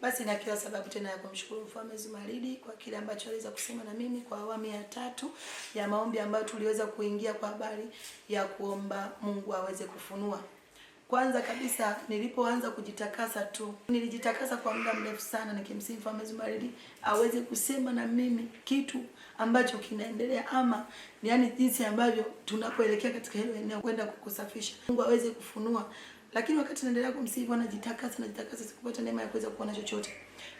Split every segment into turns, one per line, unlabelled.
Basi kila sababu tena ya kumshukuru Mfalme Zumaridi kwa kile ambacho aliweza kusema na mimi kwa awamu ya tatu ya maombi ambayo tuliweza kuingia kwa habari ya kuomba Mungu aweze kufunua. Kwanza kabisa nilipoanza kujitakasa tu, nilijitakasa kwa muda mrefu sana nikimsihi Mfalme Zumaridi aweze kusema na mimi kitu ambacho kinaendelea ama yani jinsi ambavyo tunapoelekea katika hilo eneo kwenda kukusafisha. Mungu aweze kufunua lakini wakati naendelea kumsifu anajitakasa najitakasa sikupata neema ya kuweza kuona chochote.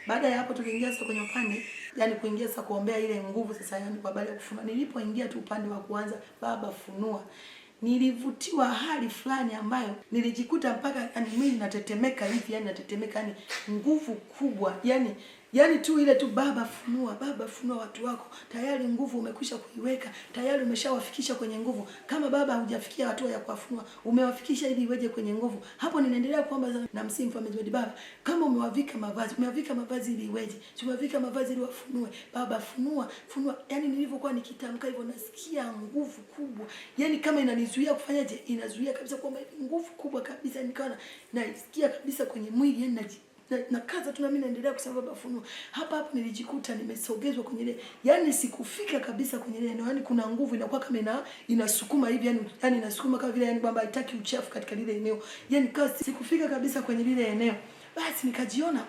Baada ya hapo tuliingia sasa kwenye upande, yani kuingia sasa kuombea ile nguvu sasa, yani kwa habari ya kufunua. Nilipoingia tu upande wa kuanza, Baba funua, nilivutiwa hali fulani ambayo nilijikuta mpaka yani mimi natetemeka hivi, yani natetemeka, yani nguvu kubwa, yani yaani tu ile tu Baba funua, Baba funua watu wako, tayari nguvu umekwisha kuiweka, tayari umeshawafikisha kwenye nguvu. Kama Baba hujafikia hatua ya kuwafunua, umewafikisha ili iweje kwenye nguvu. Hapo ninaendelea kuomba na msimu Mfalme Edward. Baba, kama umewavika mavazi, umewavika mavazi ili iweje? Umewavika mavazi ili wafunue. Baba funua, funua. Yaani nilivyokuwa nikitamka hivyo nasikia nguvu kubwa. Yaani kama inanizuia kufanyaje? Inazuia kabisa kwamba yaani nguvu kubwa kabisa nikaona naisikia kabisa kwenye mwili, yaani na, na kaza tu nami naendelea kusema baba funuo. Hapa hapa nilijikuta nimesogezwa kwenye ile, yani sikufika kabisa kwenye ile eneo, yani kuna nguvu inakuwa kama ina inasukuma hivi, yani yani inasukuma kama vile yani kwamba haitaki uchafu katika lile eneo, yani kasi sikufika kabisa kwenye lile eneo, basi nikajiona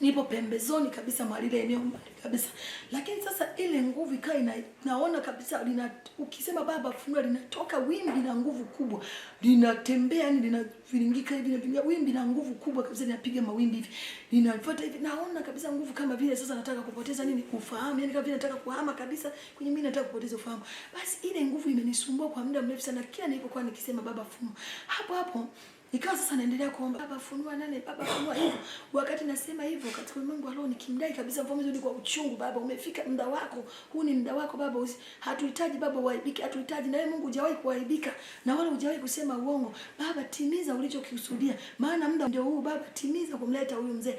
nipo pembezoni kabisa mwa lile eneo mbali kabisa, lakini sasa ile nguvu ikawa ina, naona kabisa lina, ukisema baba funua linatoka wimbi na nguvu kubwa linatembea, yani linaviringika hivi na linapiga wimbi na nguvu kubwa kabisa, linapiga mawimbi hivi linafuata hivi, naona kabisa nguvu kama vile sasa nataka kupoteza nini kufahamu, yani kama vile nataka kuhama kabisa kwenye mimi, nataka kupoteza ufahamu. Basi ile nguvu imenisumbua kwa muda mrefu sana, kila nilipokuwa nikisema baba funua, hapo hapo Nikawa sasa naendelea kuomba baba funua nane baba funua hivyo. Wakati nasema hivyo katika Mungu alio nikimdai kabisa mvumilivu kwa uchungu baba umefika muda wako. Huu ni muda wako baba hatuhitaji baba uaibike, hatuhitaji na wewe Mungu hujawahi kuaibika na wala hujawahi kusema uongo. Baba timiza ulichokikusudia. Maana muda ndio huu baba timiza kumleta huyu mzee.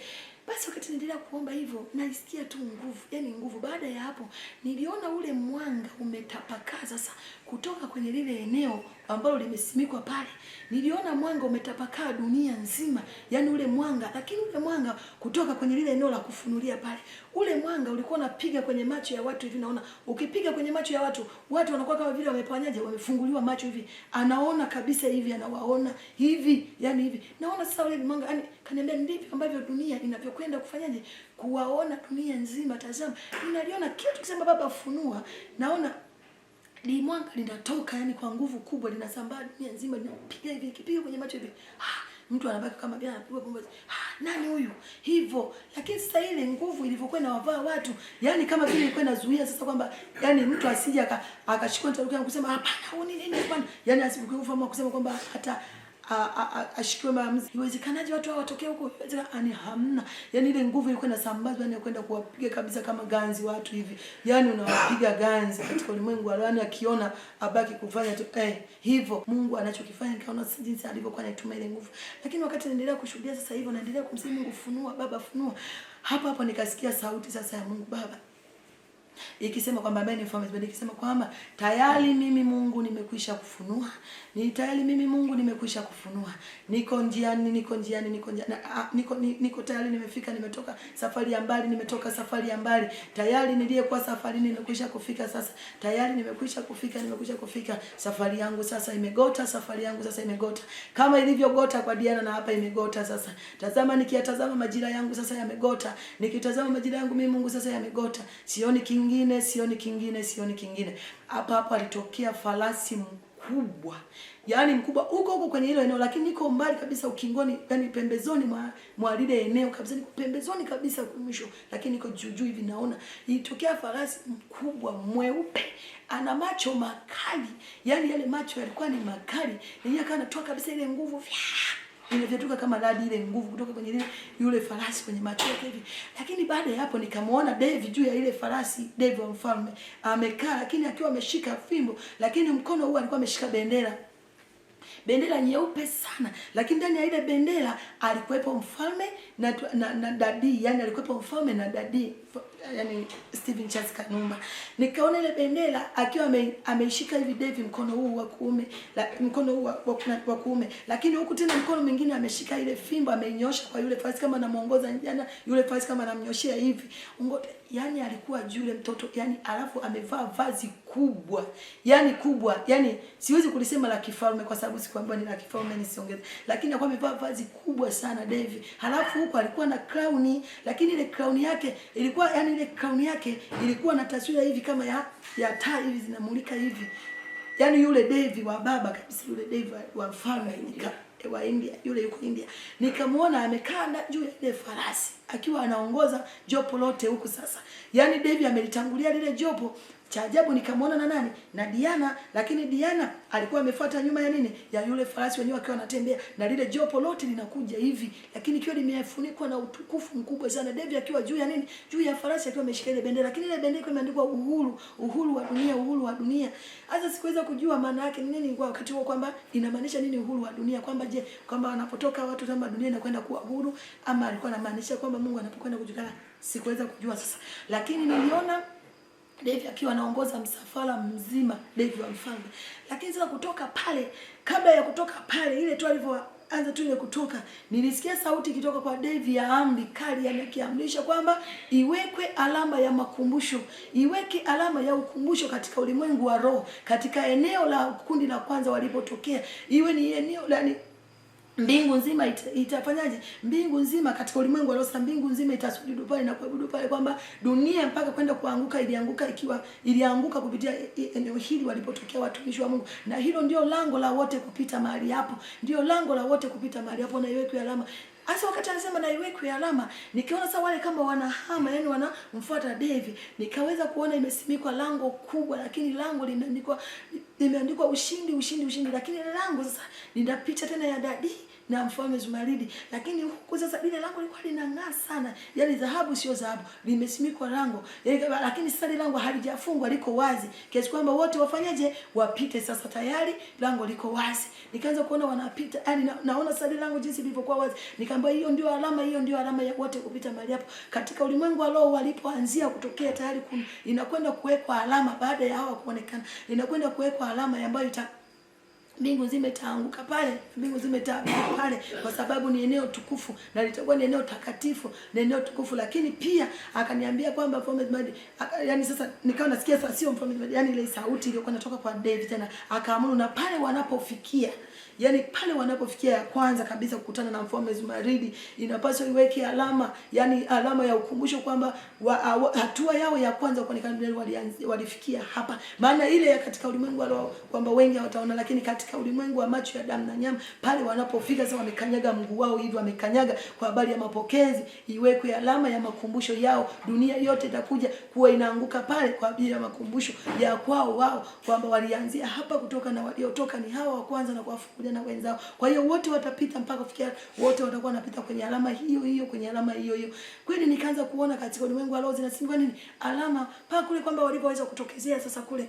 Basi wakati naendelea kuomba hivyo naisikia tu nguvu, yani nguvu. Baada ya hapo niliona ule mwanga umetapakaa sasa kutoka kwenye lile eneo ambalo limesimikwa pale, niliona mwanga umetapakaa dunia nzima, yani ule mwanga. Lakini ule mwanga kutoka kwenye lile eneo la kufunulia pale, ule mwanga ulikuwa unapiga kwenye macho ya watu hivi, naona ukipiga kwenye macho ya watu, watu wanakuwa kama vile wamepanyaje, wamefunguliwa macho hivi, anaona kabisa hivi, anawaona hivi, yani hivi, naona sasa ule mwanga. Yani kaniambia ndivyo ambavyo dunia inavyokwenda kufanyaje, kuwaona dunia nzima. Tazama, ninaliona kitu, kisema Baba funua, naona limwanga linatoka yani kwa nguvu kubwa, linasambaa dunia nzima, linapiga hivi, kipiga kwenye macho hivi, ah, mtu anabaki kama vile anapigwa pumbazi, ah, nani huyu hivyo. Lakini sasa ile nguvu ilivyokuwa inawavaa watu, yani kama vile ilikuwa inazuia sasa kwamba yani mtu asije akachukua taruka kusema hapana, huni nini hapana, yani asikukufa kusema kwamba hata ashikiwe mara mzima. Iwezekanaje watu hao watokee huko? Yaani hamna, yaani ile nguvu ilikuwa inasambazwa, yaani kwenda kuwapiga kabisa kama ganzi watu hivi, yaani unawapiga ganzi katika ulimwengu wa yaani, akiona abaki kufanya tu eh, hivyo. Mungu anachokifanya nikaona jinsi alivyokuwa anaituma ile nguvu, lakini wakati naendelea kushuhudia sasa hivyo, naendelea kumsema Mungu, funua Baba, funua. hapa hapa, nikasikia sauti sasa ya Mungu, Baba ikisema kwamba mimi ni mfalme wa ikisema kwamba tayari mimi Mungu nimekwisha kufunua, ni tayari mimi Mungu nimekwisha kufunua, niko njiani, niko njiani, niko njiani, ah, niko niko tayari, nimefika, nimetoka safari ya mbali, nimetoka safari ya mbali, tayari niliyekuwa safari nimekwisha kufika, sasa tayari nimekwisha kufika, nimekwisha kufika, safari yangu sasa imegota, safari yangu sasa imegota, kama ilivyogota kwa Diana, na hapa imegota sasa. Tazama, nikiyatazama majira yangu sasa yamegota, nikitazama majira yangu mimi Mungu sasa yamegota, sioni king kingine, sioni kingine, sioni kingine. Hapa hapa alitokea farasi mkubwa, yaani mkubwa, huko huko kwenye hilo eneo, lakini niko mbali kabisa ukingoni, yani pembezoni mwa mwa lile eneo kabisa, niko pembezoni kabisa mwisho, lakini niko juu juu hivi naona ilitokea farasi mkubwa mweupe, ana macho makali, yaani yale macho yalikuwa ni makali, yenyewe kana toa kabisa ile nguvu Fya! Nilivyotoka kama radi ile nguvu kutoka kwenye ile yule farasi kwenye macho yake hivi. Lakini baada ya hapo nikamwona David juu ya ile farasi, David wa mfalme amekaa, lakini akiwa ameshika fimbo, lakini mkono huu alikuwa ameshika bendera bendera nyeupe sana, lakini ndani ya ile bendera alikuwepo mfalme na, na, na dadii, yani alikuwepo mfalme na dadii yani Steven Charles Kanumba. Nikaona ile bendera akiwa ame, ameishika hivi Devi mkono huu wa kuume, la, mkono huu wa kuume. Lakini huku tena mkono mwingine ameshika ile fimbo amenyosha kwa yule fasi kama anamuongoza njana, yule fasi kama anamnyoshia hivi. Ungote, yani alikuwa yule mtoto, yani alafu amevaa vazi kubwa. Yani kubwa, yani siwezi kulisema la kifalme kwa sababu sikwambia ni la kifalme nisiongeze. Lakini alikuwa amevaa vazi kubwa sana Devi. Halafu huko alikuwa na crown, lakini ile crown yake ilikuwa ilikuwa yani, ile kauni yake ilikuwa na taswira hivi kama ya ya taa hivi zinamulika hivi, yani yule Devi wa baba kabisa, yule Devi wa mfalme nika wa India yule yuko India, nikamwona amekaa juu ya ile farasi akiwa anaongoza jopo lote huku. Sasa yani Devi amelitangulia lile jopo cha ajabu nikamwona na nani? Na Diana, lakini Diana alikuwa amefuata nyuma ya nini? Ya yule farasi wenyewe akiwa anatembea na lile jopo lote linakuja hivi, lakini kiwa limefunikwa na utukufu mkubwa sana. Devi akiwa juu ya nini? Juu ya farasi akiwa ameshika ile bendera, lakini ile bendera imeandikwa uhuru, uhuru wa dunia, uhuru wa dunia. Hata sikuweza kujua maana yake ni nini kwa wakati huo, kwamba inamaanisha nini uhuru wa dunia, kwamba je, kwamba wanapotoka watu kama dunia inakwenda kuwa huru, ama alikuwa anamaanisha kwamba Mungu anapokwenda kujulikana. Sikuweza kujua sasa, lakini niliona Devi akiwa anaongoza msafara mzima, Devi wa mfalme. Lakini sasa kutoka pale, kabla ya kutoka pale, ile tu alivyoanza tu ile kutoka, nilisikia sauti ikitoka kwa Devi ya amri kali, yaani akiamrisha kwamba iwekwe alama ya makumbusho, iweke alama ya ukumbusho katika ulimwengu wa roho, katika eneo la kundi la kwanza walipotokea, iwe ni eneo la mbingu nzima itafanyaje? Mbingu nzima katika ulimwengu aliosa, mbingu nzima itasujudu pale na kuabudu pale, kwamba dunia mpaka kwenda kuanguka ilianguka, ikiwa ilianguka kupitia e, e, eneo hili walipotokea watumishi wa Mungu. Na hilo ndio lango la wote kupita mahali hapo, ndio lango la wote kupita mahali hapo, na iwekwe alama Asa wakati anasema na iwekwe alama, nikiona sasa wale kama wanahama, yani wanamfuata David, nikaweza kuona imesimikwa lango kubwa, lakini lango linaandikwa imeandikwa ushindi ushindi ushindi, lakini langu sasa nitapita tena ya dadi na mfalme Zumaridi, lakini huku sasa dili langu lilikuwa linang'aa sana, yani dhahabu sio dhahabu, limesimikwa lango, yaani lakini sasa lango halijafungwa, liko wazi kiasi kwamba wote wafanyaje, wapite. Sasa tayari lango liko wazi, nikaanza kuona wanapita, yani na, naona sasa lango jinsi lilivyokuwa wazi, nikaambia hiyo ndio alama, hiyo ndio alama ya wote kupita mahali hapo. Katika ulimwengu wa roho walipoanzia kutokea tayari kuna inakwenda kuwekwa alama, baada ya hawa kuonekana inakwenda kuwekwa alama ambayo ita mbingu zimetaanguka pale, mbingu zimetaanguka pale, kwa sababu ni eneo tukufu na litakuwa ni eneo takatifu, ni eneo tukufu. Lakini pia akaniambia kwamba Mfalme Madi, yani sasa nikawa nasikia sasa, sio Mfalme Madi, yani ile sauti iliyokuwa inatoka kwa David tena, akaamuru na pale wanapofikia yani pale wanapofikia ya kwanza kabisa kukutana na mfalme Zumaridi, inapaswa iweke alama, yani alama ya ukumbusho kwamba hatua yao ya kwanza kwa nikaniambia walifikia hapa, maana ile ya katika ulimwengu kwamba wengi hawataona, lakini katika katika ulimwengu wa macho ya damu na nyama, pale wanapofika sasa, wamekanyaga mguu wao hivi, wamekanyaga kwa habari ya mapokezi, iwekwe alama ya makumbusho yao. Dunia yote itakuja kuwa inaanguka pale kwa ajili ya makumbusho ya kwao wao, kwamba walianzia hapa kutoka na waliotoka ni hawa wa kwanza na kuwafukuza na wenzao. Kwa hiyo wote watapita mpaka kufikia, wote watakuwa wanapita kwenye alama hiyo hiyo, kwenye alama hiyo hiyo. Kweli nikaanza kuona katika ulimwengu wa roho zinasema nini alama paa kule, kwamba walipoweza kutokezea sasa kule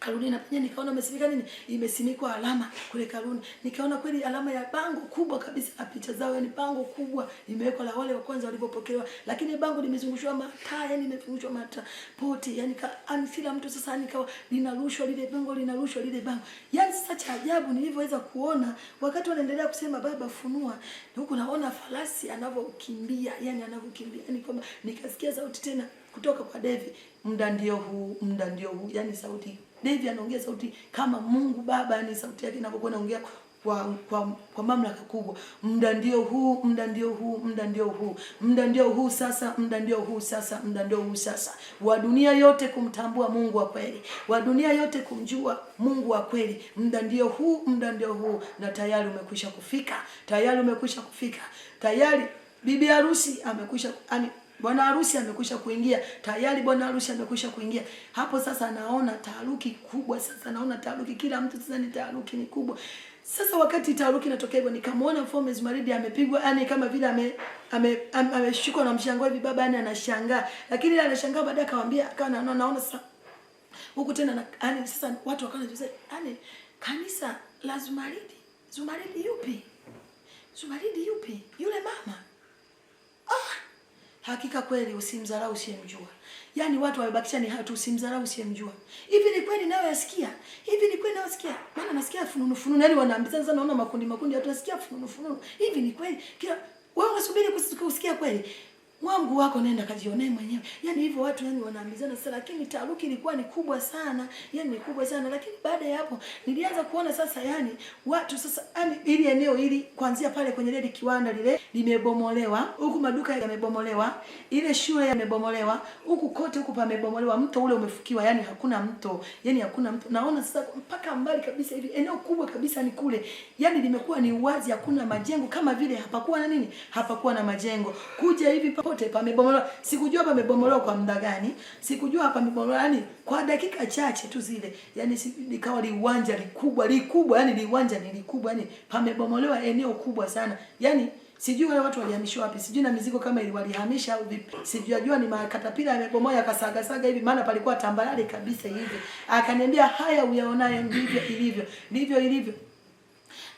Karuni napinya nikaona imesimikwa nini? Imesimikwa alama kule Karuni. Nikaona kweli alama ya bango kubwa kabisa la picha zao, yani bango kubwa imewekwa la wale wa kwanza walivyopokelewa. Lakini bango limezungushwa mataa, yani limezungushwa mata poti, yani ka kila mtu sasa nikawa linarushwa lile bango linarushwa lile bango. Yaani sasa cha ajabu nilivyoweza kuona wakati wanaendelea kusema baba funua, huko naona farasi anavyokimbia, yani anavyokimbia. Yani kwamba nikasikia sauti tena kutoka kwa Devi. Muda ndio huu, muda ndio huu, yani sauti Devi anaongea sauti kama Mungu Baba, yani sauti yake inapokuwa inaongea kwa, kwa, kwa mamlaka kubwa. Muda ndio huu, muda ndio huu, muda ndio huu, muda ndio huu sasa, muda ndio huu sasa, muda ndio huu sasa, wa dunia yote kumtambua Mungu wa kweli, wa dunia yote kumjua Mungu wa kweli. Muda ndio huu, muda ndio huu, na tayari umekwisha kufika, tayari umekwisha kufika, tayari bibi harusi amekwisha yani Bwana harusi amekwisha kuingia tayari, bwana harusi amekwisha kuingia hapo. Sasa naona taharuki kubwa, sasa naona taharuki, kila mtu sasa ni taharuki ni kubwa. Sasa wakati taharuki inatokea hivyo, nikamwona Mfalme Zumaridi amepigwa, yani kama vile ame ameshikwa ame na mshangao hivi, baba yani anashangaa, lakini yeye anashangaa baadaye, akamwambia akawa naona naona sasa huku tena, na yani sasa watu wakaanza kusema, yani kanisa la Zumaridi, Zumaridi yupi? Zumaridi yupi? Yule mama Hakika kweli, usimdharau usiyemjua. Yaani watu wamebakisha ni hatu, usimdharau usiyemjua. Hivi ni kweli nayo yasikia? Hivi ni kweli nayo yasikia? Maana nasikia fununu fununu, yani wanaambiza sana, naona makundi makundi watu nasikia fununu fununu. Hivi ni kweli? Kila wewe unasubiri kusikia kweli? Mwamgu wako nenda kajionee mwenyewe. Yaani hivyo watu yani wanaambizana sasa, lakini taruki ilikuwa ni kubwa sana, Yaani ni kubwa sana. Lakini baada ya hapo nilianza kuona sasa, yani watu sasa, yani ili eneo hili kuanzia pale kwenye ile kiwanda lile limebomolewa, huku maduka yamebomolewa, ile shule yamebomolewa, huku kote huku pamebomolewa, mto ule umefukiwa, yani hakuna mto, Yaani hakuna mto. Naona sasa mpaka mbali kabisa hivi eneo kubwa kabisa ni kule, Yaani limekuwa ni uwazi, hakuna majengo kama vile hapakuwa na nini, hapakuwa na majengo kuja hivi pa popote pamebomolewa. Sikujua pamebomolewa kwa muda gani, sikujua pamebomolewa, yani kwa dakika chache tu zile, yani likawa liwanja likubwa likubwa, yani liwanja ni likubwa, yani pamebomolewa eneo kubwa sana, yani sijui wale watu walihamishwa wapi, sijui na mizigo kama ili walihamisha au vipi, sijui ajua ni makatapila yamebomoa yakasaga saga hivi, maana palikuwa tambarare kabisa hivi. Akaniambia haya, uyaonaye, ndivyo ilivyo, ndivyo ilivyo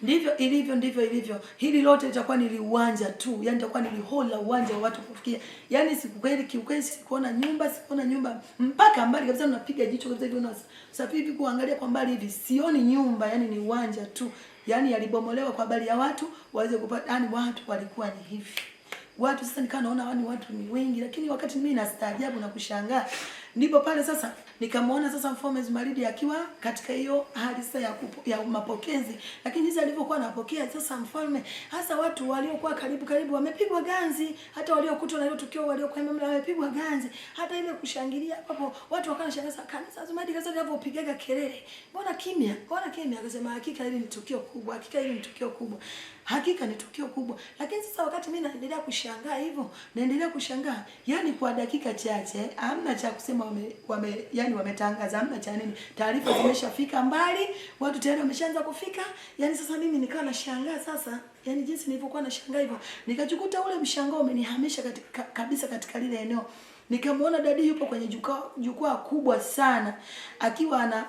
ndivyo ilivyo, ndivyo ilivyo. Hili lote litakuwa ni uwanja tu, yani litakuwa ni hall la uwanja wa watu kufikia. Yani sikukweli, kiukweli, sikuona nyumba, sikuona nyumba mpaka mbali kabisa, unapiga jicho kabisa hivi, unasafiri hivi kuangalia kwa mbali hivi, sioni nyumba, yani ni uwanja tu, yani yalibomolewa kwa habari ya watu waweze kupata, yani watu walikuwa ni hivi watu sasa nikawa naona wani watu ni wengi, lakini wakati mimi nastaajabu na kushangaa, ndipo pale sasa nikamwona sasa Mfalme Zumaridi akiwa katika hiyo hali sasa ya, ya mapokezi, lakini jinsi alivyokuwa anapokea sasa mfalme, hasa watu waliokuwa karibu karibu wamepigwa ganzi, hata waliokutwa na hilo tukio waliokuwa mamla wamepigwa ganzi, hata ile kushangilia hapo watu wakawa shangaza, kanisa Zumaridi kanisa linavyopigaga kelele, mbona kimya, mbona kimya? Akasema hakika hili ni tukio kubwa, hakika hili ni tukio kubwa. Hakika ni tukio kubwa, lakini sasa wakati mimi naendelea kushangaa hivyo, naendelea kushangaa yani, kwa dakika chache hamna cha kusema wame, wame yani wametangaza, hamna cha nini, taarifa zimeshafika mbali, watu tayari wameshaanza kufika. Yani sasa mimi nikawa nashangaa sasa, yani jinsi nilivyokuwa nashangaa hivyo, nikajikuta ule mshangao umenihamisha katika, kabisa katika lile eneo, nikamwona dadi yupo kwenye jukwaa jukwaa kubwa sana akiwa ana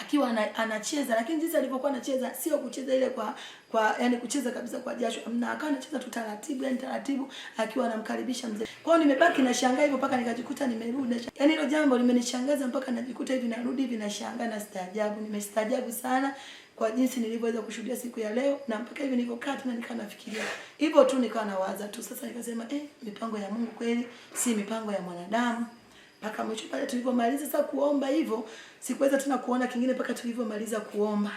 akiwa anacheza, lakini jinsi alivyokuwa anacheza sio kucheza ile kwa kwa yani kucheza kabisa kwa jasho, na akawa anacheza tu taratibu, yani taratibu, akiwa anamkaribisha mzee. Kwa hiyo nimebaki nashangaa hivyo mpaka nikajikuta nimerudi, yani hilo jambo limenishangaza mpaka najikuta hivi narudi hivi nashangaa na staajabu, nimestaajabu sana kwa jinsi nilivyoweza kushuhudia siku ya leo, na mpaka hivi nilivyokaa tena nikawa nafikiria hivyo tu, nikawa nawaza tu. Sasa nikasema eh, mipango ya Mungu kweli si mipango ya mwanadamu. Mpaka mwisho pale tulivyomaliza sasa kuomba hivyo, sikuweza tena kuona kingine mpaka tulivyomaliza kuomba.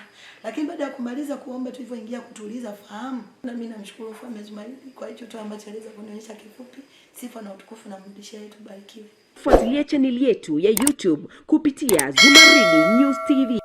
Lakini baada ya kumaliza kuomba, tulivyoingia kutuliza fahamu, na mimi namshukuru Mfalme Zumaridi kwa hicho tu ambacho aliweza kunionyesha. Kifupi, sifa na utukufu namrudishia yetu, barikiwe. Fuatilia chaneli yetu ya YouTube kupitia Zumaridi News TV.